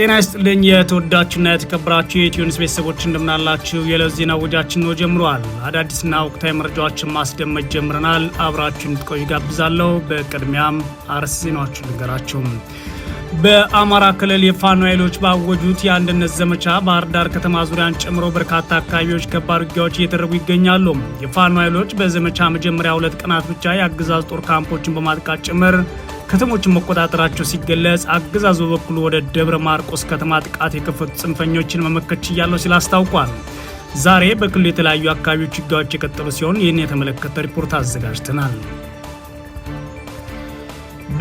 ጤና ይስጥልኝ የተወዳችሁና የተከበራችሁ የኢትዮኒስ ቤተሰቦች እንደምናላችሁ። የዕለት ዜና ወጃችን ነው ጀምሯል። አዳዲስና ወቅታዊ መረጃዎችን ማስደመጥ ጀምረናል። አብራችሁ እንድትቆዩ ጋብዛለሁ። በቅድሚያም አርስ ዜናዎችን ልንገራችሁ። በአማራ ክልል የፋኖ ኃይሎች ባወጁት የአንድነት ዘመቻ ባህር ዳር ከተማ ዙሪያን ጨምሮ በርካታ አካባቢዎች ከባድ ውጊያዎች እየተደረጉ ይገኛሉ። የፋኖ ኃይሎች በዘመቻ መጀመሪያ ሁለት ቀናት ብቻ የአገዛዝ ጦር ካምፖችን በማጥቃት ጭምር ከተሞችን መቆጣጠራቸው ሲገለጽ፣ አገዛዙ በበኩሉ ወደ ደብረ ማርቆስ ከተማ ጥቃት የከፈቱ ጽንፈኞችን መመከት ችያለሁ ሲል አስታውቋል። ዛሬ በክልሉ የተለያዩ አካባቢዎች ውጊያዎች የቀጠሉ ሲሆን ይህን የተመለከተ ሪፖርት አዘጋጅተናል።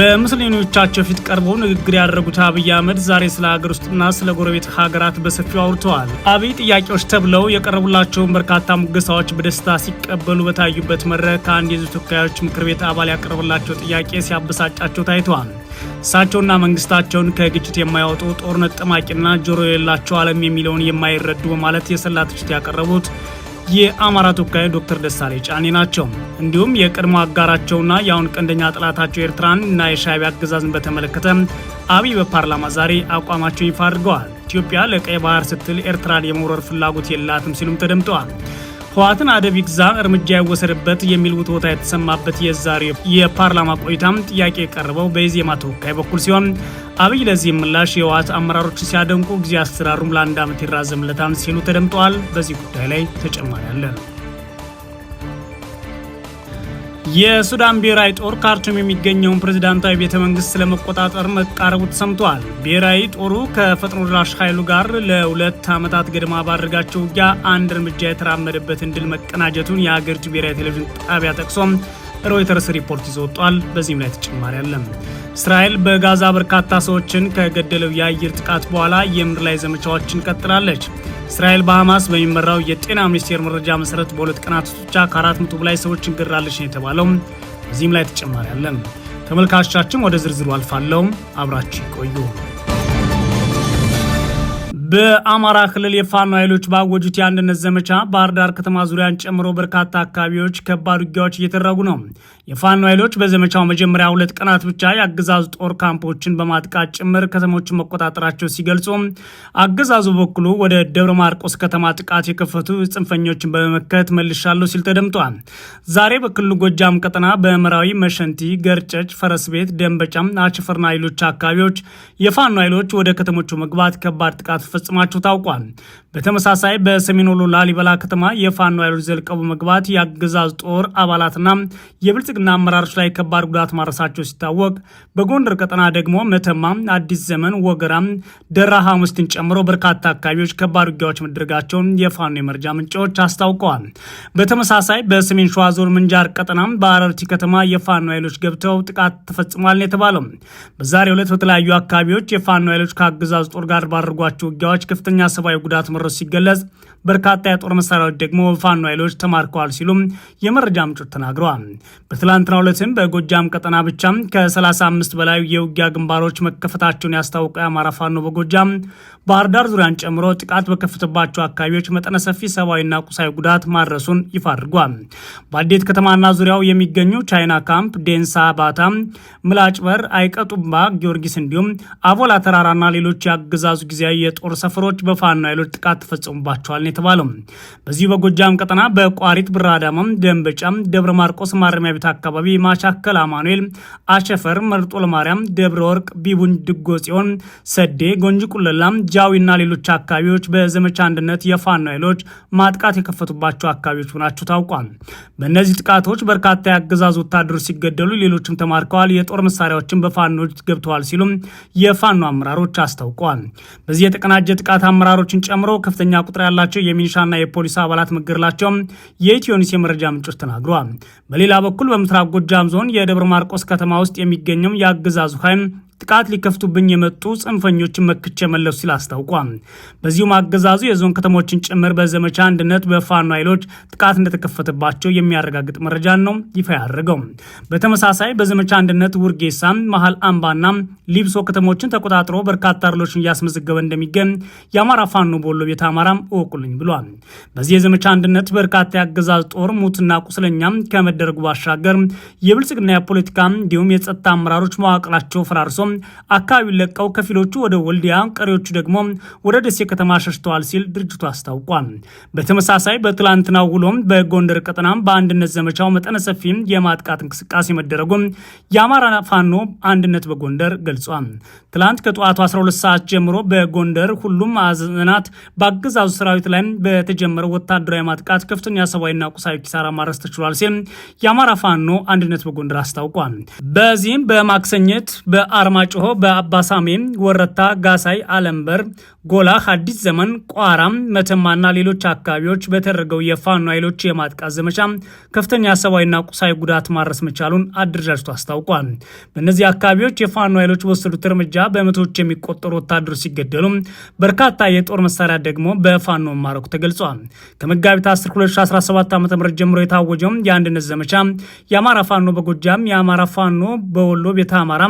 በምስለኞቻቸው ፊት ቀርበው ንግግር ያደረጉት አብይ አህመድ ዛሬ ስለ ሀገር ውስጥና ስለ ጎረቤት ሀገራት በሰፊው አውርተዋል። አብይ ጥያቄዎች ተብለው የቀረቡላቸውን በርካታ ሙገሳዎች በደስታ ሲቀበሉ በታዩበት መድረክ ከአንድ የህዝብ ተወካዮች ምክር ቤት አባል ያቀረበላቸው ጥያቄ ሲያበሳጫቸው ታይተዋል። እሳቸውና መንግስታቸውን ከግጭት የማያወጡ ጦርነት ጠማቂና ጆሮ የሌላቸው ዓለም የሚለውን የማይረዱ በማለት የሰላ ትችት ያቀረቡት የአማራ ተወካዩ ዶክተር ደሳሌ ጫኔ ናቸው። እንዲሁም የቀድሞ አጋራቸውና የአሁን ቀንደኛ ጠላታቸው ኤርትራን እና የሻዕቢያ አገዛዝን በተመለከተ አብይ በፓርላማ ዛሬ አቋማቸው ይፋ አድርገዋል። ኢትዮጵያ ለቀይ ባህር ስትል ኤርትራን የመውረር ፍላጎት የላትም ሲሉም ተደምጠዋል። ህወሓትን አደብ ይግዛ እርምጃ ያወሰደበት የሚል ውትወታ የተሰማበት የዛሬ የፓርላማ ቆይታም ጥያቄ የቀረበው በኢዜማ ተወካይ በኩል ሲሆን አብይ ለዚህ ምላሽ የህወሓት አመራሮች ሲያደንቁ ጊዜ አሰራሩም ለአንድ ዓመት ይራዘምለታል ሲሉ ተደምጠዋል። በዚህ ጉዳይ ላይ ተጨማሪ አለን። የሱዳን ብሔራዊ ጦር ካርቱም የሚገኘውን ፕሬዝዳንታዊ ቤተ መንግስት ለመቆጣጠር መቃረቡ ተሰምቷል። ብሔራዊ ጦሩ ከፈጥኖ ደራሽ ኃይሉ ጋር ለሁለት ዓመታት ገደማ ባደረጋቸው ውጊያ አንድ እርምጃ የተራመደበትን ድል መቀናጀቱን የአገሪቱ ብሔራዊ ቴሌቪዥን ጣቢያ ጠቅሶም ሮይተርስ ሪፖርት ይዞ ወጥቷል። በዚህም ላይ ተጨማሪ አለም። እስራኤል በጋዛ በርካታ ሰዎችን ከገደለው የአየር ጥቃት በኋላ የምድር ላይ ዘመቻዎችን ቀጥላለች። እስራኤል በሐማስ በሚመራው የጤና ሚኒስቴር መረጃ መሰረት በሁለት ቀናት ውስጥ ብቻ ከ400 በላይ ሰዎችን ገድላለች ነው የተባለው። በዚህም ላይ ተጨማሪ አለም። ተመልካቾቻችን ወደ ዝርዝሩ አልፋለሁ። አብራችሁ ይቆዩ። በአማራ ክልል የፋኖ ኃይሎች ባወጁት የአንድነት ዘመቻ ባህር ዳር ከተማ ዙሪያን ጨምሮ በርካታ አካባቢዎች ከባድ ውጊያዎች እየተደረጉ ነው። የፋኖ ኃይሎች በዘመቻው መጀመሪያ ሁለት ቀናት ብቻ የአገዛዙ ጦር ካምፖችን በማጥቃት ጭምር ከተሞችን መቆጣጠራቸው ሲገልጹ፣ አገዛዙ በኩሉ ወደ ደብረ ማርቆስ ከተማ ጥቃት የከፈቱ ጽንፈኞችን በመመከት መልሻለሁ ሲል ተደምጧል። ዛሬ በክልሉ ጎጃም ቀጠና በመራዊ፣ መሸንቲ፣ ገርጨጭ፣ ፈረስ ቤት፣ ደንበጫም፣ አችፈርና ሌሎች አካባቢዎች የፋኖ ኃይሎች ወደ ከተሞቹ መግባት ከባድ ጥቃት ፈጽማቸው ታውቋል። በተመሳሳይ በሰሜን ወሎ ላሊበላ ከተማ የፋኖ ኃይሎች ዘልቀው በመግባት የአገዛዙ ጦር አባላትና የብልጽግ ብልጽግና አመራሮች ላይ ከባድ ጉዳት ማድረሳቸው ሲታወቅ፣ በጎንደር ቀጠና ደግሞ መተማ፣ አዲስ ዘመን፣ ወገራ ደራ ሐሙስትን ጨምሮ በርካታ አካባቢዎች ከባድ ውጊያዎች መደረጋቸውን የፋኖ የመረጃ ምንጮች አስታውቀዋል። በተመሳሳይ በሰሜን ሸዋ ዞን ምንጃር ቀጠና በአረርቲ ከተማ የፋኖ ኃይሎች ገብተው ጥቃት ተፈጽሟል የተባለው በዛሬው ዕለት በተለያዩ አካባቢዎች የፋኖ ኃይሎች ከአገዛዙ ጦር ጋር ባደረጓቸው ውጊያዎች ከፍተኛ ሰብአዊ ጉዳት መድረሱ ሲገለጽ በርካታ የጦር መሳሪያዎች ደግሞ በፋኖ ኃይሎች ተማርከዋል ሲሉም የመረጃ ምንጮች ተናግረዋል። በትላንትናው ዕለትም በጎጃም ቀጠና ብቻ ከ35 በላይ የውጊያ ግንባሮች መከፈታቸውን ያስታወቀው የአማራ ፋኖ በጎጃም ባህር ዳር ዙሪያን ጨምሮ ጥቃት በከፈተባቸው አካባቢዎች መጠነ ሰፊ ሰብአዊና ቁሳዊ ጉዳት ማድረሱን ይፋ አድርጓል። በአዴት ከተማና ዙሪያው የሚገኙ ቻይና ካምፕ፣ ዴንሳ ባታ፣ ምላጭ በር፣ አይቀጡባ ጊዮርጊስ እንዲሁም አቮላ ተራራና ሌሎች የአገዛዙ ጊዜያዊ የጦር ሰፈሮች በፋኖ ኃይሎች ጥቃት ተፈጽሙባቸዋል ነው የተባለው። በዚሁ በጎጃም ቀጠና በቋሪት ብራዳማም፣ ደንበጫም፣ ደብረ ማርቆስ ማረሚያ ቤት አካባቢ ማሻከል አማኑኤል፣ አሸፈር፣ መርጦ ለማርያም፣ ደብረ ወርቅ፣ ቢቡን፣ ድጎ ጽዮን፣ ሰዴ፣ ጎንጂ ቁለላም፣ ጃዊና ሌሎች አካባቢዎች በዘመቻ አንድነት የፋኖ ኃይሎች ማጥቃት የከፈቱባቸው አካባቢዎች ሆናቸው ታውቋል። በእነዚህ ጥቃቶች በርካታ የአገዛዝ ወታደሮች ሲገደሉ፣ ሌሎችም ተማርከዋል። የጦር መሳሪያዎችን በፋኖች ገብተዋል ሲሉም የፋኖ አመራሮች አስታውቀዋል። በዚህ የተቀናጀ ጥቃት አመራሮችን ጨምሮ ከፍተኛ ቁጥር ያላቸው የሚኒሻና የፖሊስ አባላት መገደላቸውም የኢትዮኒስ የመረጃ ምንጮች ተናግረዋል። በሌላ በኩል በምስራቅ ጎጃም ዞን የደብረ ማርቆስ ከተማ ውስጥ የሚገኘው የአገዛዙ ኃይል ጥቃት ሊከፍቱብኝ የመጡ ጽንፈኞችን መክቼ መለሱ ሲል አስታውቋል። በዚሁም አገዛዙ የዞን ከተሞችን ጭምር በዘመቻ አንድነት በፋኖ ኃይሎች ጥቃት እንደተከፈተባቸው የሚያረጋግጥ መረጃን ነው ይፋ ያደረገው። በተመሳሳይ በዘመቻ አንድነት ውርጌሳ፣ መሀል አምባና ሊብሶ ከተሞችን ተቆጣጥሮ በርካታ ድሎችን እያስመዘገበ እንደሚገኝ የአማራ ፋኖ ቦሎ ቤት አማራም እወቁልኝ ብሏል። በዚህ የዘመቻ አንድነት በርካታ የአገዛዝ ጦር ሙትና ቁስለኛ ከመደረጉ ባሻገር የብልጽግና የፖለቲካ እንዲሁም የጸጥታ አመራሮች መዋቅራቸው ፈራርሶ አካባቢውን ለቀው ከፊሎቹ ወደ ወልዲያ፣ ቀሪዎቹ ደግሞ ወደ ደሴ ከተማ ሸሽተዋል ሲል ድርጅቱ አስታውቋል። በተመሳሳይ በትላንትና ውሎም በጎንደር ቀጠና በአንድነት ዘመቻው መጠነ ሰፊ የማጥቃት እንቅስቃሴ መደረጉም የአማራ ፋኖ አንድነት በጎንደር ገልጿል። ትላንት ከጠዋቱ 12 ሰዓት ጀምሮ በጎንደር ሁሉም አዘናት በአገዛዙ ሰራዊት ላይ በተጀመረው ወታደራዊ ማጥቃት ከፍተኛ ሰብአዊና ቁሳዊ ኪሳራ ማድረስ ተችሏል ሲል የአማራ ፋኖ አንድነት በጎንደር አስታውቋል። በዚህም በማክሰኘት በአርማ በማጭሆ፣ በአባሳሜ ወረታ፣ ጋሳይ፣ አለምበር፣ ጎላህ፣ አዲስ ዘመን፣ ቋራም፣ መተማና ሌሎች አካባቢዎች በተደረገው የፋኖ ኃይሎች የማጥቃት ዘመቻ ከፍተኛ ሰብአዊና ቁሳዊ ጉዳት ማድረስ መቻሉን አደረጃጀቱ አስታውቋል። በእነዚህ አካባቢዎች የፋኖ ኃይሎች በወሰዱት እርምጃ በመቶዎች የሚቆጠሩ ወታደሮች ሲገደሉ በርካታ የጦር መሳሪያ ደግሞ በፋኖ መማረኩ ተገልጿል። ከመጋቢት 10 2017 ዓ ም ጀምሮ የታወጀው የአንድነት ዘመቻ የአማራ ፋኖ በጎጃም፣ የአማራ ፋኖ በወሎ ቤተ አማራ፣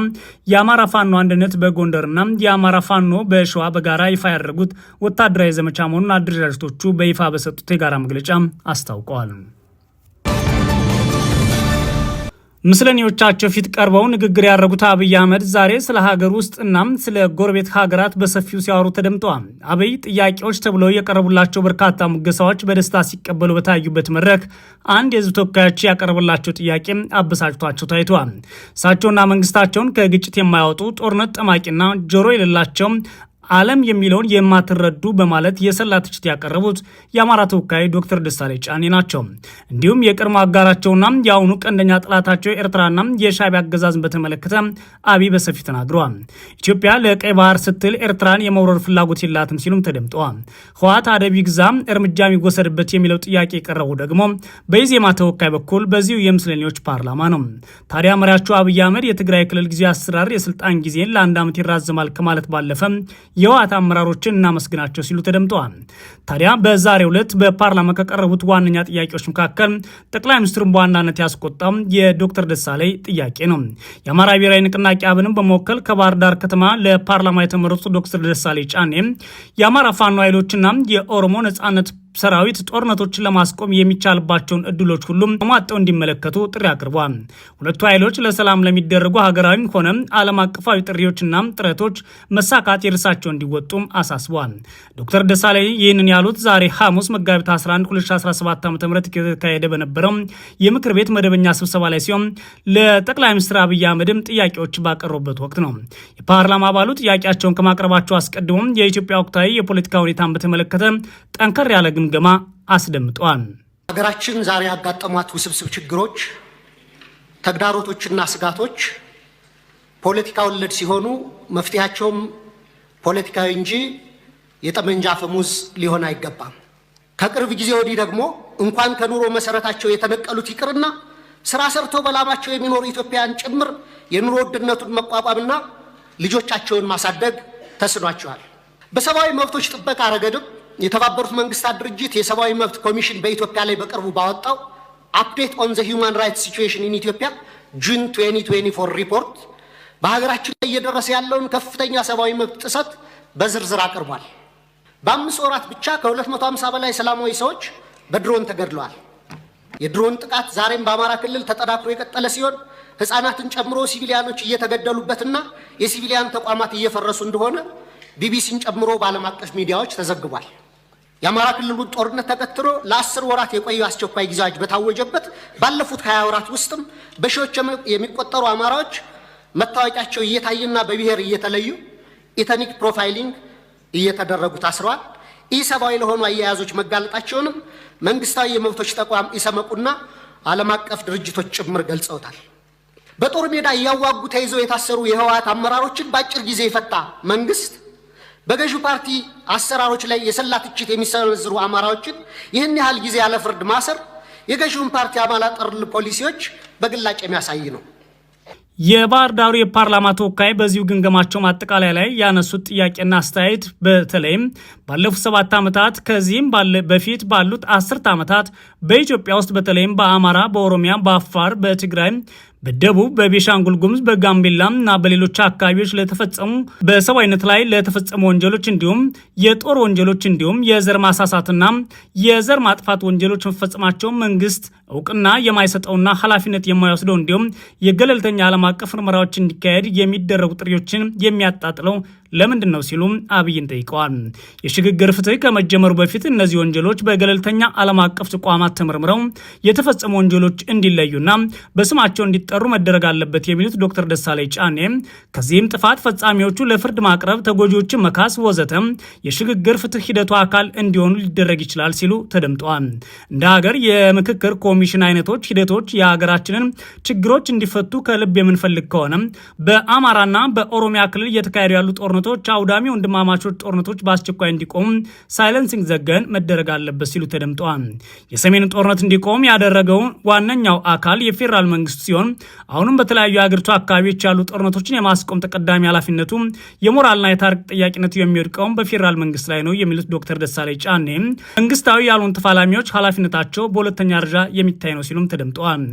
የአማራ ፋኖ አንድነት በጎንደርና የአማራ ፋኖ በሸዋ በጋራ ይፋ ያደረጉት ወታደራዊ ዘመቻ መሆኑን አደረጃጀቶቹ በይፋ በሰጡት የጋራ መግለጫ አስታውቀዋል። ምስለኔዎቻቸው ፊት ቀርበው ንግግር ያደረጉት አብይ አህመድ ዛሬ ስለ ሀገር ውስጥ እናም ስለ ጎረቤት ሀገራት በሰፊው ሲያወሩ ተደምጠዋል። አብይ ጥያቄዎች ተብለው የቀረቡላቸው በርካታ ሙገሳዎች በደስታ ሲቀበሉ በታዩበት መድረክ አንድ የህዝብ ተወካዮች ያቀረበላቸው ጥያቄ አበሳጭቷቸው ታይተዋል። እሳቸውና መንግስታቸውን ከግጭት የማያወጡ ጦርነት ጠማቂና ጆሮ የሌላቸው ዓለም የሚለውን የማትረዱ በማለት የሰላ ትችት ያቀረቡት የአማራ ተወካይ ዶክተር ደሳለኝ ጫኔ ናቸው። እንዲሁም የቀድሞ አጋራቸውና የአሁኑ ቀንደኛ ጠላታቸው ኤርትራና የሻዕቢያ አገዛዝን በተመለከተ አብይ በሰፊ ተናግረዋል። ኢትዮጵያ ለቀይ ባህር ስትል ኤርትራን የመውረር ፍላጎት የላትም ሲሉም ተደምጠዋል። ህወሓት አደብ ይግዛ፣ እርምጃ የሚወሰድበት የሚለው ጥያቄ የቀረቡ ደግሞ በኢዜማ ተወካይ በኩል በዚሁ የሙስሊሞች ፓርላማ ነው። ታዲያ መሪያቸው አብይ አህመድ የትግራይ ክልል ጊዜ አሰራር የስልጣን ጊዜን ለአንድ ዓመት ይራዘማል ከማለት ባለፈ የህወሓት አመራሮችን እናመስግናቸው ሲሉ ተደምጠዋል። ታዲያ በዛሬው ዕለት በፓርላማ ከቀረቡት ዋነኛ ጥያቄዎች መካከል ጠቅላይ ሚኒስትሩን በዋናነት ያስቆጣም የዶክተር ደሳለኝ ጥያቄ ነው። የአማራ ብሔራዊ ንቅናቄ አብንም በመወከል ከባህር ዳር ከተማ ለፓርላማ የተመረጡት ዶክተር ደሳለኝ ጫኔ የአማራ ፋኖ ኃይሎችና የኦሮሞ ነጻነት ሰራዊት ጦርነቶችን ለማስቆም የሚቻልባቸውን እድሎች ሁሉም ተሟጠው እንዲመለከቱ ጥሪ አቅርቧል። ሁለቱ ኃይሎች ለሰላም ለሚደረጉ ሀገራዊም ሆነ ዓለም አቀፋዊ ጥሪዎችና ጥረቶች መሳካት የድርሻቸውን እንዲወጡም አሳስቧል። ዶክተር ደሳለኝ ይህንን ያሉት ዛሬ ሐሙስ መጋቢት 11 2017 ዓ ም የተካሄደ በነበረው የምክር ቤት መደበኛ ስብሰባ ላይ ሲሆን ለጠቅላይ ሚኒስትር አብይ አህመድም ጥያቄዎች ባቀረቡበት ወቅት ነው። የፓርላማ አባሉ ጥያቄያቸውን ከማቅረባቸው አስቀድሞም የኢትዮጵያ ወቅታዊ የፖለቲካ ሁኔታን በተመለከተ ጠንከር ያለ ግምገማ አስደምጧል። ሀገራችን ዛሬ ያጋጠሟት ውስብስብ ችግሮች፣ ተግዳሮቶችና ስጋቶች ፖለቲካ ወለድ ሲሆኑ መፍትሄያቸውም ፖለቲካዊ እንጂ የጠመንጃ አፈሙዝ ሊሆን አይገባም። ከቅርብ ጊዜ ወዲህ ደግሞ እንኳን ከኑሮ መሰረታቸው የተነቀሉት ይቅርና ስራ ሰርተው በላማቸው የሚኖሩ ኢትዮጵያውያን ጭምር የኑሮ ውድነቱን መቋቋምና ልጆቻቸውን ማሳደግ ተስኗቸዋል። በሰብአዊ መብቶች ጥበቃ ረገድም የተባበሩት መንግስታት ድርጅት የሰብአዊ መብት ኮሚሽን በኢትዮጵያ ላይ በቅርቡ ባወጣው አፕዴት ኦን ዘ ሂውማን ራይትስ ሲቹዌሽን ኢን ኢትዮጵያ ጁን 2024 ሪፖርት በሀገራችን ላይ እየደረሰ ያለውን ከፍተኛ ሰብአዊ መብት ጥሰት በዝርዝር አቅርቧል። በአምስት ወራት ብቻ ከ250 በላይ ሰላማዊ ሰዎች በድሮን ተገድለዋል። የድሮን ጥቃት ዛሬም በአማራ ክልል ተጠናክሮ የቀጠለ ሲሆን ህፃናትን ጨምሮ ሲቪሊያኖች እየተገደሉበትና የሲቪሊያን ተቋማት እየፈረሱ እንደሆነ ቢቢሲን ጨምሮ በዓለም አቀፍ ሚዲያዎች ተዘግቧል። የአማራ ክልሉን ጦርነት ተከትሎ ለአስር ወራት የቆየው አስቸኳይ ጊዜ አዋጅ በታወጀበት ባለፉት ሀያ ወራት ውስጥም በሺዎች የሚቆጠሩ አማራዎች መታወቂያቸው እየታየና በብሔር እየተለዩ ኢተኒክ ፕሮፋይሊንግ እየተደረጉ ታስረዋል። ኢሰብአዊ ለሆኑ አያያዞች መጋለጣቸውንም መንግስታዊ የመብቶች ተቋም ኢሰመቁና ዓለም አቀፍ ድርጅቶች ጭምር ገልጸውታል። በጦር ሜዳ እያዋጉ ተይዘው የታሰሩ የህወሓት አመራሮችን በአጭር ጊዜ የፈታ መንግስት በገዢው ፓርቲ አሰራሮች ላይ የሰላ ትችት የሚሰነዝሩ አማራዎችን ይህን ያህል ጊዜ ያለ ፍርድ ማሰር የገዢውን ፓርቲ አማራ ጠል ፖሊሲዎች በግላጭ የሚያሳይ ነው። የባህር ዳሩ የፓርላማ ተወካይ በዚሁ ግምገማቸው ማጠቃለያ ላይ ያነሱት ጥያቄና አስተያየት በተለይም ባለፉት ሰባት ዓመታት ከዚህም በፊት ባሉት አስርት ዓመታት በኢትዮጵያ ውስጥ በተለይም በአማራ፣ በኦሮሚያ፣ በአፋር፣ በትግራይ በደቡብ በቤሻንጉል ጉሙዝ በጋምቤላ እና በሌሎች አካባቢዎች ለተፈጸሙ በሰብአዊነት ላይ ለተፈጸሙ ወንጀሎች እንዲሁም የጦር ወንጀሎች እንዲሁም የዘር ማሳሳትና የዘር ማጥፋት ወንጀሎች መፈጸማቸው መንግስት እውቅና የማይሰጠውና ኃላፊነት የማይወስደው እንዲሁም የገለልተኛ ዓለም አቀፍ ምርመራዎች እንዲካሄድ የሚደረጉ ጥሪዎችን የሚያጣጥለው ለምንድን ነው ሲሉም አብይን ጠይቀዋል። የሽግግር ፍትህ ከመጀመሩ በፊት እነዚህ ወንጀሎች በገለልተኛ ዓለም አቀፍ ተቋማት ተመርምረው የተፈጸሙ ወንጀሎች እንዲለዩና በስማቸው እንዲጠሩ መደረግ አለበት የሚሉት ዶክተር ደሳለኝ ጫኔ ከዚህም ጥፋት ፈጻሚዎቹ ለፍርድ ማቅረብ፣ ተጎጂዎችን መካስ ወዘተ የሽግግር ፍትህ ሂደቱ አካል እንዲሆኑ ሊደረግ ይችላል ሲሉ ተደምጠዋል። እንደ ሀገር የምክክር ኮሚሽን አይነቶች ሂደቶች የሀገራችንን ችግሮች እንዲፈቱ ከልብ የምንፈልግ ከሆነ በአማራና በኦሮሚያ ክልል እየተካሄዱ ያሉ ጦርነቶች ጦርነቶች አውዳሚ ወንድማማቾች ጦርነቶች በአስቸኳይ እንዲቆም ሳይለንሲንግ ዘገን መደረግ አለበት ሲሉ ተደምጠዋል። የሰሜን ጦርነት እንዲቆም ያደረገው ዋነኛው አካል የፌዴራል መንግስቱ ሲሆን አሁንም በተለያዩ የአገሪቱ አካባቢዎች ያሉ ጦርነቶችን የማስቆም ተቀዳሚ ኃላፊነቱ የሞራልና የታሪክ ጠያቂነቱ የሚወድቀውን በፌዴራል መንግስት ላይ ነው የሚሉት ዶክተር ደሳለኝ ጫኔ መንግስታዊ ያሉን ተፋላሚዎች ኃላፊነታቸው በሁለተኛ ደረጃ የሚታይ ነው ሲሉም ተደምጠዋል።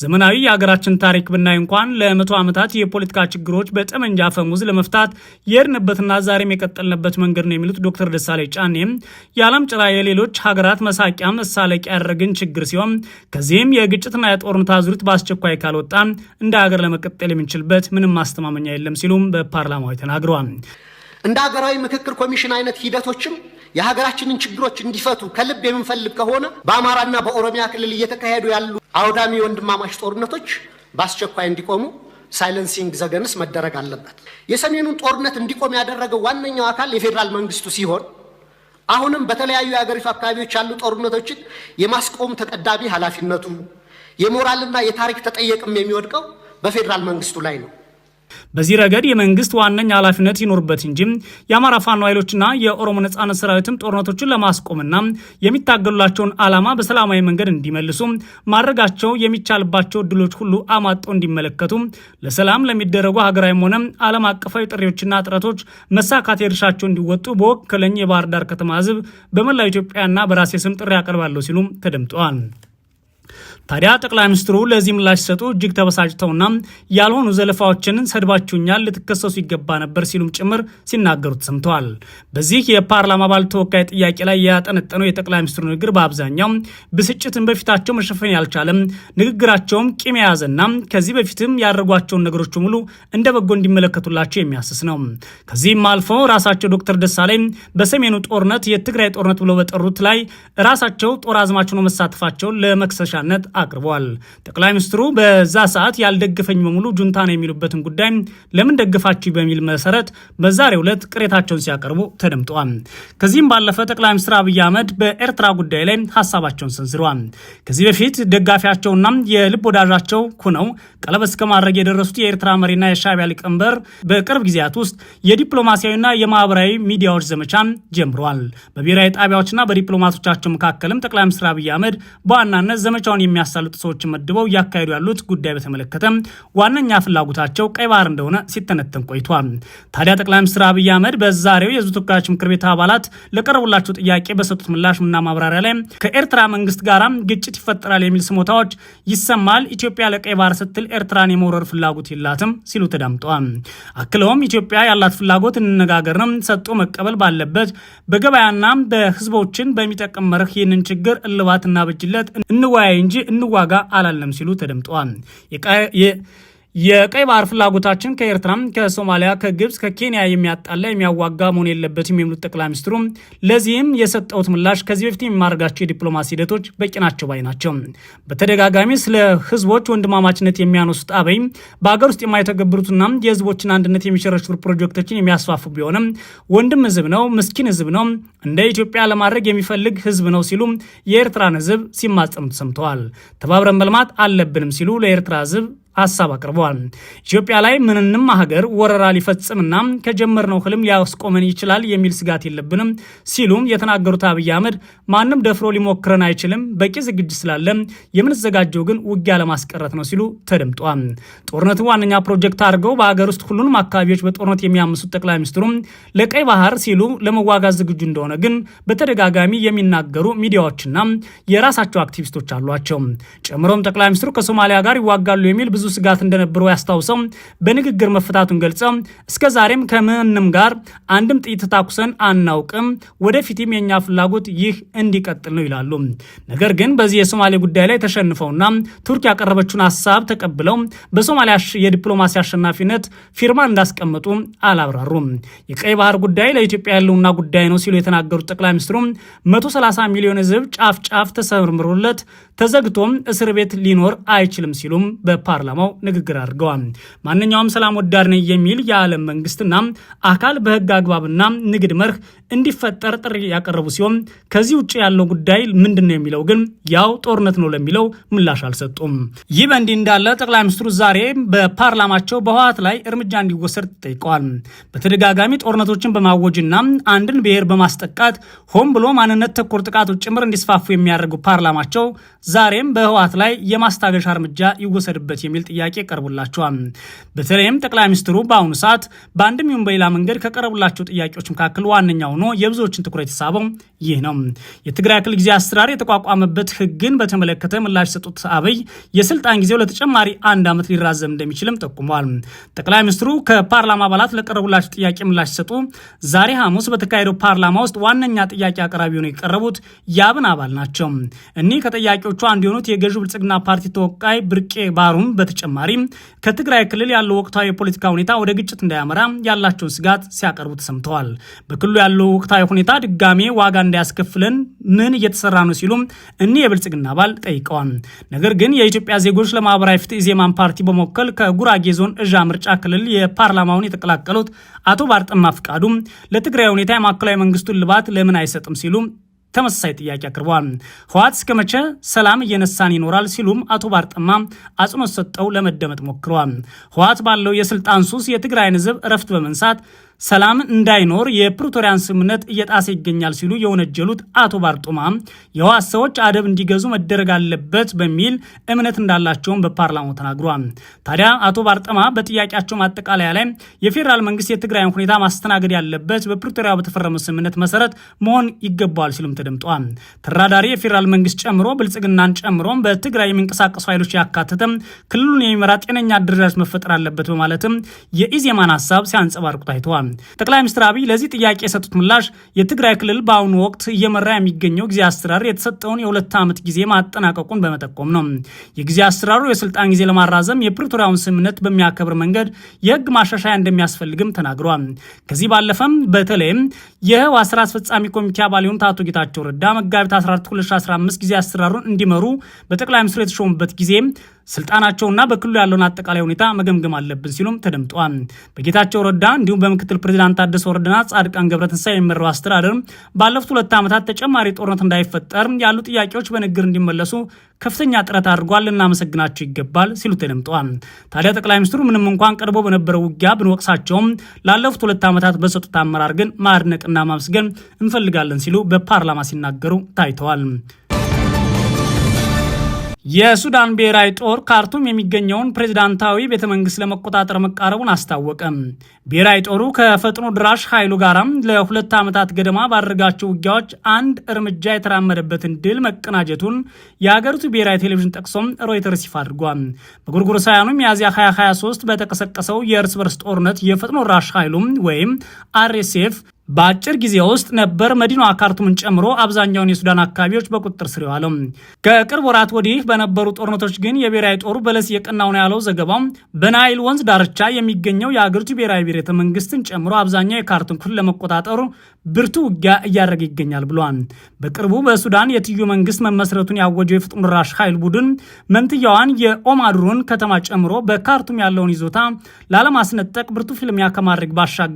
ዘመናዊ የሀገራችን ታሪክ ብናይ እንኳን ለመቶ ዓመታት የፖለቲካ ችግሮች በጠመንጃ ፈሙዝ ለመፍታት የር የጀመርንበትና ዛሬም የቀጠልንበት መንገድ ነው የሚሉት ዶክተር ደሳለኝ ጫኔ የዓለም ጭራ የሌሎች ሀገራት መሳቂያ መሳለቂያ ያደረግን ችግር ሲሆን ከዚህም የግጭትና የጦርነት አዙሪት በአስቸኳይ ካልወጣ እንደ ሀገር ለመቀጠል የምንችልበት ምንም ማስተማመኛ የለም ሲሉም በፓርላማው ተናግረዋል። እንደ ሀገራዊ ምክክር ኮሚሽን አይነት ሂደቶችም የሀገራችንን ችግሮች እንዲፈቱ ከልብ የምንፈልግ ከሆነ በአማራና በኦሮሚያ ክልል እየተካሄዱ ያሉ አውዳሚ ወንድማማች ጦርነቶች በአስቸኳይ እንዲቆሙ ሳይለንሲንግ ዘገንስ መደረግ አለበት። የሰሜኑን ጦርነት እንዲቆም ያደረገው ዋነኛው አካል የፌዴራል መንግስቱ ሲሆን አሁንም በተለያዩ የአገሪቱ አካባቢዎች ያሉ ጦርነቶችን የማስቆም ተቀዳሚ ኃላፊነቱ የሞራልና የታሪክ ተጠየቅም የሚወድቀው በፌዴራል መንግስቱ ላይ ነው። በዚህ ረገድ የመንግስት ዋነኛ ኃላፊነት ይኖርበት እንጂ የአማራ ፋኖ ኃይሎችና የኦሮሞ ነጻነት ሰራዊትም ጦርነቶችን ለማስቆምና የሚታገሉላቸውን ዓላማ በሰላማዊ መንገድ እንዲመልሱ ማድረጋቸው የሚቻልባቸው እድሎች ሁሉ አማጦ እንዲመለከቱ ለሰላም ለሚደረጉ ሀገራዊም ሆነ ዓለም አቀፋዊ ጥሪዎችና ጥረቶች መሳካት የድርሻቸው እንዲወጡ በወከለኝ የባህር ዳር ከተማ ህዝብ በመላው ኢትዮጵያና በራሴ ስም ጥሪ አቀርባለሁ ሲሉም ተደምጠዋል። ታዲያ ጠቅላይ ሚኒስትሩ ለዚህ ምላሽ ሲሰጡ እጅግ ተበሳጭተውና ያልሆኑ ዘለፋዎችን ሰድባችሁኛል፣ ልትከሰሱ ይገባ ነበር ሲሉም ጭምር ሲናገሩት ሰምተዋል። በዚህ የፓርላማ አባል ተወካይ ጥያቄ ላይ ያጠነጠነው የጠቅላይ ሚኒስትሩ ንግግር በአብዛኛው ብስጭትን በፊታቸው መሸፈን ያልቻለም፣ ንግግራቸውም ቂም የያዘና ከዚህ በፊትም ያደረጓቸውን ነገሮች ሙሉ እንደ በጎ እንዲመለከቱላቸው የሚያስስ ነው። ከዚህም አልፎ ራሳቸው ዶክተር ደሳለኝ በሰሜኑ ጦርነት የትግራይ ጦርነት ብሎ በጠሩት ላይ ራሳቸው ጦር አዝማች ሆኖ መሳተፋቸውን ለመክሰስ ማስታወሻነት አቅርቧል። ጠቅላይ ሚኒስትሩ በዛ ሰዓት ያልደገፈኝ በሙሉ ጁንታ ነው የሚሉበትን ጉዳይ ለምን ደገፋችሁ በሚል መሰረት በዛሬው ዕለት ቅሬታቸውን ሲያቀርቡ ተደምጠዋል። ከዚህም ባለፈ ጠቅላይ ሚኒስትር አብይ አህመድ በኤርትራ ጉዳይ ላይ ሀሳባቸውን ሰንዝረዋል። ከዚህ በፊት ደጋፊያቸውና የልብ ወዳጃቸው ሁነው ቀለበት እስከ ማድረግ የደረሱት የኤርትራ መሪና የሻቢያ ሊቀመንበር በቅርብ ጊዜያት ውስጥ የዲፕሎማሲያዊና የማህበራዊ ሚዲያዎች ዘመቻ ጀምረዋል። በብሔራዊ ጣቢያዎችና በዲፕሎማቶቻቸው መካከልም ጠቅላይ ሚኒስትር አብይ አህመድ በዋናነት ዘመ ዘመቻውን የሚያሳልጡ ሰዎችን መድበው እያካሄዱ ያሉት ጉዳይ በተመለከተ ዋነኛ ፍላጎታቸው ቀይ ባህር እንደሆነ ሲተነተን ቆይቷል። ታዲያ ጠቅላይ ሚኒስትር አብይ አህመድ በዛሬው የህዝብ ተወካዮች ምክር ቤት አባላት ለቀረቡላቸው ጥያቄ በሰጡት ምላሽ እና ማብራሪያ ላይ ከኤርትራ መንግስት ጋር ግጭት ይፈጠራል የሚል ስሞታዎች ይሰማል፣ ኢትዮጵያ ለቀይ ባህር ስትል ኤርትራን የመውረር ፍላጎት የላትም ሲሉ ተዳምጠዋል። አክለውም ኢትዮጵያ ያላት ፍላጎት እንነጋገር ነው፣ ሰጦ መቀበል ባለበት በገበያና በህዝቦችን በሚጠቅም መርህ ይህንን ችግር እልባት እና እንወያይ እንጂ እንዋጋ አላለም ሲሉ ተደምጠዋል። የቀይ ባህር ፍላጎታችን ከኤርትራ፣ ከሶማሊያ፣ ከግብፅ፣ ከኬንያ የሚያጣላ የሚያዋጋ መሆን የለበትም የሚሉት ጠቅላይ ሚኒስትሩ ለዚህም የሰጠውት ምላሽ ከዚህ በፊት የሚማርጋቸው የዲፕሎማሲ ሂደቶች በቂ ናቸው ባይ ናቸው። በተደጋጋሚ ስለ ህዝቦች ወንድማማችነት የሚያነሱት አበይ በሀገር ውስጥ የማይተገብሩትና የህዝቦችን አንድነት የሚሸረሽሩ ፕሮጀክቶችን የሚያስፋፉ ቢሆንም ወንድም ህዝብ ነው፣ ምስኪን ህዝብ ነው፣ እንደ ኢትዮጵያ ለማድረግ የሚፈልግ ህዝብ ነው ሲሉ የኤርትራን ህዝብ ሲማጸኑት ሰምተዋል። ተባብረን መልማት አለብንም ሲሉ ለኤርትራ ህዝብ ሀሳብ አቅርበዋል። ኢትዮጵያ ላይ ምንንም ሀገር ወረራ ሊፈጽምና ከጀመርነው ህልም ሊያስቆመን ይችላል የሚል ስጋት የለብንም ሲሉም የተናገሩት አብይ አህመድ ማንም ደፍሮ ሊሞክረን አይችልም፣ በቂ ዝግጅት ስላለ የምንዘጋጀው ግን ውጊያ ለማስቀረት ነው ሲሉ ተደምጧል። ጦርነትን ዋነኛ ፕሮጀክት አድርገው በሀገር ውስጥ ሁሉንም አካባቢዎች በጦርነት የሚያምሱት ጠቅላይ ሚኒስትሩም ለቀይ ባህር ሲሉ ለመዋጋት ዝግጁ እንደሆነ ግን በተደጋጋሚ የሚናገሩ ሚዲያዎችና የራሳቸው አክቲቪስቶች አሏቸው። ጨምሮም ጠቅላይ ሚኒስትሩ ከሶማሊያ ጋር ይዋጋሉ የሚል ብዙ ብዙ ስጋት እንደነበረው ያስታውሰው በንግግር መፈታቱን ገልጸው እስከ ዛሬም ከምንም ጋር አንድም ጥይት ተኩሰን አናውቅም፣ ወደፊትም የእኛ ፍላጎት ይህ እንዲቀጥል ነው ይላሉ። ነገር ግን በዚህ የሶማሌ ጉዳይ ላይ ተሸንፈውና ቱርክ ያቀረበችውን ሀሳብ ተቀብለው በሶማሊያ የዲፕሎማሲ አሸናፊነት ፊርማ እንዳስቀመጡ አላብራሩም። የቀይ ባህር ጉዳይ ለኢትዮጵያ ያለውና ጉዳይ ነው ሲሉ የተናገሩት ጠቅላይ ሚኒስትሩ 130 ሚሊዮን ሕዝብ ጫፍ ጫፍ ተሰምርምሮለት ተዘግቶም እስር ቤት ሊኖር አይችልም ሲሉም በፓርላማ ፓርላማው ንግግር አድርገዋል። ማንኛውም ሰላም ወዳድ ነኝ የሚል የዓለም መንግስትና አካል በህግ አግባብና ንግድ መርህ እንዲፈጠር ጥሪ ያቀረቡ ሲሆን ከዚህ ውጭ ያለው ጉዳይ ምንድን ነው የሚለው ግን ያው ጦርነት ነው ለሚለው ምላሽ አልሰጡም። ይህ በእንዲህ እንዳለ ጠቅላይ ሚኒስትሩ ዛሬ በፓርላማቸው በህወሓት ላይ እርምጃ እንዲወሰድ ተጠይቀዋል። በተደጋጋሚ ጦርነቶችን በማወጅና አንድን ብሔር በማስጠቃት ሆን ብሎ ማንነት ተኮር ጥቃቶች ጭምር እንዲስፋፉ የሚያደርጉ ፓርላማቸው ዛሬም በህወሓት ላይ የማስታገሻ እርምጃ ይወሰድበት የሚል የሚል ጥያቄ ቀርቡላቸዋል በተለይም ጠቅላይ ሚኒስትሩ በአሁኑ ሰዓት በአንድም ይሁን በሌላ መንገድ ከቀረቡላቸው ጥያቄዎች መካከል ዋነኛው ሆኖ የብዙዎችን ትኩረት የተሳበው ይህ ነው። የትግራይ ክልል ጊዜ አስተዳደር የተቋቋመበት ህግን በተመለከተ ምላሽ የሰጡት አብይ የስልጣን ጊዜው ለተጨማሪ አንድ ዓመት ሊራዘም እንደሚችልም ጠቁመዋል። ጠቅላይ ሚኒስትሩ ከፓርላማ አባላት ለቀረቡላቸው ጥያቄ ምላሽ ሲሰጡ ዛሬ ሐሙስ በተካሄደው ፓርላማ ውስጥ ዋነኛ ጥያቄ አቅራቢ ሆነው የቀረቡት የአብን አባል ናቸው። እኒህ ከጥያቄዎቹ አንዱ የሆኑት የገዢው ብልጽግና ፓርቲ ተወካይ ብርቄ ባሩም በተጨማሪም ከትግራይ ክልል ያለው ወቅታዊ የፖለቲካ ሁኔታ ወደ ግጭት እንዳያመራ ያላቸውን ስጋት ሲያቀርቡ ተሰምተዋል። በክልሉ ያለው ወቅታዊ ሁኔታ ድጋሜ ዋጋ እንዳያስከፍለን ምን እየተሰራ ነው ሲሉም እኒህ የብልጽግና አባል ጠይቀዋል። ነገር ግን የኢትዮጵያ ዜጎች ለማህበራዊ ፍትህ ኢዜማን ፓርቲ በመወከል ከጉራጌ ዞን እዣ ምርጫ ክልል የፓርላማውን የተቀላቀሉት አቶ ባርጠማ ፍቃዱም ለትግራይ ሁኔታ የማዕከላዊ መንግስቱን ልባት ለምን አይሰጥም ሲሉ ተመሳሳይ ጥያቄ አቅርቧል። ህወሓት እስከ መቼ ሰላም እየነሳን ይኖራል ሲሉም አቶ ባርጠማ አጽንኦት ሰጠው ለመደመጥ ሞክረዋል። ህወሓት ባለው የስልጣን ሱስ የትግራይን ህዝብ እረፍት በመንሳት ሰላም እንዳይኖር የፕሪቶሪያን ስምምነት እየጣሰ ይገኛል ሲሉ የወነጀሉት አቶ ባርጡማ የህወሓት ሰዎች አደብ እንዲገዙ መደረግ አለበት በሚል እምነት እንዳላቸውም በፓርላማው ተናግሯል። ታዲያ አቶ ባርጠማ በጥያቄያቸው ማጠቃለያ ላይ የፌዴራል መንግስት የትግራይን ሁኔታ ማስተናገድ ያለበት በፕሪቶሪያ በተፈረመ ስምምነት መሰረት መሆን ይገባዋል ሲሉም ተደምጧል። ተራዳሪ የፌዴራል መንግስት ጨምሮ ብልጽግናን ጨምሮም በትግራይ የሚንቀሳቀሱ ኃይሎች ያካተተም ክልሉን የሚመራ ጤነኛ አደረጃጀት መፈጠር አለበት በማለትም የኢዜማን ሀሳብ ሲያንጸባርቁ ታይተዋል። ጠቅላይ ሚኒስትር አብይ ለዚህ ጥያቄ የሰጡት ምላሽ የትግራይ ክልል በአሁኑ ወቅት እየመራ የሚገኘው ጊዜ አስተዳደር የተሰጠውን የሁለት ዓመት ጊዜ ማጠናቀቁን በመጠቆም ነው። የጊዜ አስተዳደሩ የስልጣን ጊዜ ለማራዘም የፕሪቶሪያውን ስምምነት በሚያከብር መንገድ የህግ ማሻሻያ እንደሚያስፈልግም ተናግረዋል። ከዚህ ባለፈም በተለይም የህዋ ስራ አስፈጻሚ ኮሚቴ አባል የሆኑት አቶ ጌታቸው ረዳ መጋቢት 14 2015 ጊዜ አሰራሩን እንዲመሩ በጠቅላይ ሚኒስትሩ የተሾሙበት ጊዜ ስልጣናቸውና በክልሉ ያለውን አጠቃላይ ሁኔታ መገምገም አለብን ሲሉም ተደምጧል። በጌታቸው ረዳ እንዲሁም በምክትል ፕሬዚዳንት ታደሰ ወረደና ጻድቃን ገብረትንሳኤ የሚመራው አስተዳደር ባለፉት ሁለት ዓመታት ተጨማሪ ጦርነት እንዳይፈጠር ያሉ ጥያቄዎች በንግግር እንዲመለሱ ከፍተኛ ጥረት አድርጓል፣ ልናመሰግናቸው ይገባል ሲሉ ተደምጠዋል። ታዲያ ጠቅላይ ሚኒስትሩ ምንም እንኳን ቀድቦ በነበረው ውጊያ ብንወቅሳቸውም ላለፉት ሁለት ዓመታት በሰጡት አመራር ግን ማድነቅና ማመስገን እንፈልጋለን ሲሉ በፓርላማ ሲናገሩ ታይተዋል። የሱዳን ብሔራዊ ጦር ካርቱም የሚገኘውን ፕሬዝዳንታዊ ቤተ መንግስት ለመቆጣጠር መቃረቡን አስታወቀም። ብሔራዊ ጦሩ ከፈጥኖ ድራሽ ኃይሉ ጋራም ለሁለት ዓመታት ገደማ ባደረጋቸው ውጊያዎች አንድ እርምጃ የተራመደበትን ድል መቀናጀቱን የአገሪቱ ብሔራዊ ቴሌቪዥን ጠቅሶም ሮይተርስ ይፋ አድርጓል። በጎርጎሮሳውያኑም ሚያዝያ 2023 በተቀሰቀሰው የእርስ በርስ ጦርነት የፈጥኖ ድራሽ ኃይሉም ወይም አርኤስኤፍ በአጭር ጊዜ ውስጥ ነበር መዲናዋ ካርቱምን ጨምሮ አብዛኛውን የሱዳን አካባቢዎች በቁጥጥር ስር የዋለው። ከቅርብ ወራት ወዲህ በነበሩ ጦርነቶች ግን የብሔራዊ ጦሩ በለስ የቀናው ነው ያለው ዘገባው በናይል ወንዝ ዳርቻ የሚገኘው የአገሪቱ ብሔራዊ ቤተ መንግስትን ጨምሮ አብዛኛው የካርቱም ክፍል ለመቆጣጠሩ ብርቱ ውጊያ እያደረገ ይገኛል ብሏል። በቅርቡ በሱዳን የትዩ መንግስት መመስረቱን ያወጀው የፍጥኖ ኃይል ቡድን መንትያዋን የኦማዱሩን ከተማ ጨምሮ በካርቱም ያለውን ይዞታ ላለማስነጠቅ ብርቱ ፍልሚያ ከማድረግ ባሻገር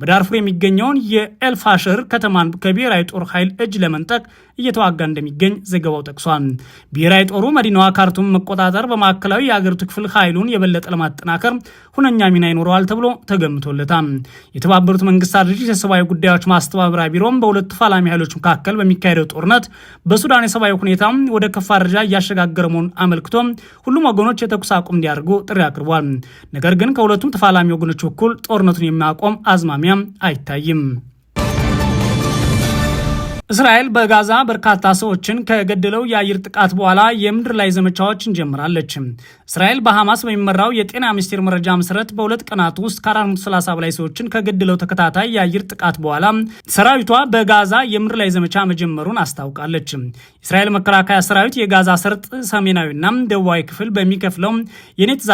በዳርፉር የሚገኘውን የኤልፋሽር ከተማን ከብሔራዊ ጦር ኃይል እጅ ለመንጠቅ እየተዋጋ እንደሚገኝ ዘገባው ጠቅሷል። ብሔራዊ ጦሩ መዲናዋ ካርቱም መቆጣጠር በማዕከላዊ የአገሪቱ ክፍል ኃይሉን የበለጠ ለማጠናከር ሁነኛ ሚና ይኖረዋል ተብሎ ተገምቶለታል። የተባበሩት መንግስታት ድርጅት የሰብአዊ ጉዳዮች ማስተባበሪያ ቢሮም በሁለቱ ተፋላሚ ኃይሎች መካከል በሚካሄደው ጦርነት በሱዳን የሰብአዊ ሁኔታ ወደ ከፋ ደረጃ እያሸጋገረ መሆኑን አመልክቶ ሁሉም ወገኖች የተኩስ አቁም እንዲያደርጉ ጥሪ አቅርቧል። ነገር ግን ከሁለቱም ተፋላሚ ወገኖች በኩል ጦርነቱን የሚያቆም አዝማሚያ አይታይም። እስራኤል በጋዛ በርካታ ሰዎችን ከገደለው የአየር ጥቃት በኋላ የምድር ላይ ዘመቻዎችን ጀምራለች። እስራኤል በሐማስ በሚመራው የጤና ሚኒስቴር መረጃ መሰረት በሁለት ቀናት ውስጥ ከ430 በላይ ሰዎችን ከገደለው ተከታታይ የአየር ጥቃት በኋላ ሰራዊቷ በጋዛ የምድር ላይ ዘመቻ መጀመሩን አስታውቃለች። እስራኤል መከላከያ ሰራዊት የጋዛ ሰርጥ ሰሜናዊና ደቡባዊ ክፍል በሚከፍለው የኔት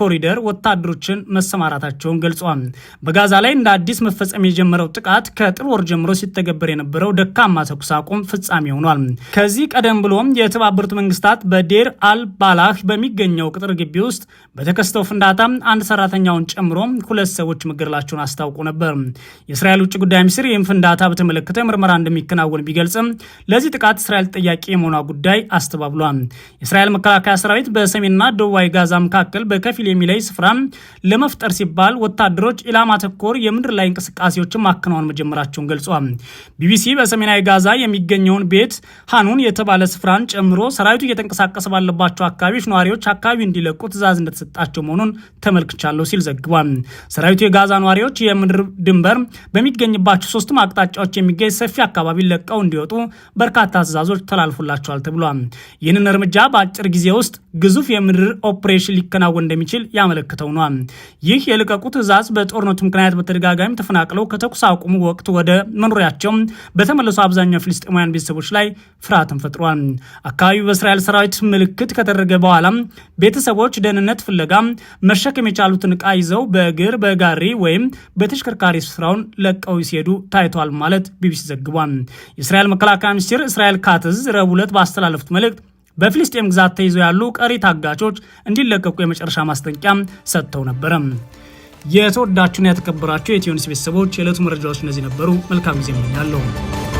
ኮሪደር ወታደሮችን መሰማራታቸውን ገልጿል። በጋዛ ላይ እንደ አዲስ መፈጸም የጀመረው ጥቃት ከጥር ወር ጀምሮ ሲተገበር የነበረው ደካማ ተኩስ አቁም ፍጻሜ ሆኗል። ከዚህ ቀደም ብሎም የተባበሩት መንግስታት በዴር አል ባላህ በሚገኘው ቅጥር ግቢ ውስጥ በተከሰተው ፍንዳታ አንድ ሰራተኛውን ጨምሮ ሁለት ሰዎች መገደላቸውን አስታውቆ ነበር። የእስራኤል ውጭ ጉዳይ ሚኒስትር ይህም ፍንዳታ በተመለከተ ምርመራ እንደሚከናወን ቢገልጽም ለዚህ ጥቃት እስራኤል ጥያቄ የመሆኗ ጉዳይ አስተባብሏል። የእስራኤል መከላከያ ሰራዊት በሰሜንና ደቡባዊ ጋዛ መካከል በከፊል የሚለይ ስፍራ ለመፍጠር ሲባል ወታደሮች ኢላማ ተኮር የምድር ላይ እንቅስቃሴዎችን ማከናወን መጀመራቸውን ገልጿል። ቢቢሲ በሰሜናዊ ጋዛ የሚገኘውን ቤት ሃኑን የተባለ ስፍራን ጨምሮ ሰራዊቱ እየተንቀሳቀሰ ባለባቸው አካባቢዎች ነዋሪዎች አካባቢ እንዲለቁ ትእዛዝ እንደተሰጣቸው መሆኑን ተመልክቻለሁ ሲል ዘግቧል። ሰራዊቱ የጋዛ ነዋሪዎች የምድር ድንበር በሚገኝባቸው ሶስቱም አቅጣጫዎች የሚገኝ ሰፊ አካባቢ ለቀው እንዲወጡ በርካታ ትእዛዞች ተላልፎላቸዋል ተብሏል። ይህንን እርምጃ በአጭር ጊዜ ውስጥ ግዙፍ የምድር ኦፕሬሽን ሊከናወን እንደሚችል ያመለክተው ነው። ይህ የልቀቁ ትእዛዝ በጦርነቱ ምክንያት በተደጋጋሚ ተፈናቅለው ከተኩስ አቁሙ ወቅት ወደ መኖሪያቸው በተመለሱ አብዛኛው ፍልስጤማውያን ቤተሰቦች ላይ ፍርሃትን ፈጥሯል። አካባቢው በእስራኤል ሰራዊት ምልክት ከተደረገ በኋላ ቤተሰቦች ደህንነት ፍለጋ መሸከም የቻሉትን ዕቃ ይዘው በእግር በጋሪ ወይም በተሽከርካሪ ስፍራውን ለቀው ሲሄዱ ታይቷል ማለት ቢቢሲ ዘግቧል። የእስራኤል መከላከያ ሚኒስቴር እስራኤል ካትዝ ረቡዕ ዕለት ባስተላለፉት መልእክት በፊልስጤም ግዛት ተይዘው ያሉ ቀሪ ታጋቾች እንዲለቀቁ የመጨረሻ ማስጠንቂያ ሰጥተው ነበረ። የተወዳችሁና የተከበራችሁ የኢትዮ ኒውስ ቤተሰቦች የዕለቱ መረጃዎች እነዚህ ነበሩ። መልካም ጊዜ እመኛለሁ።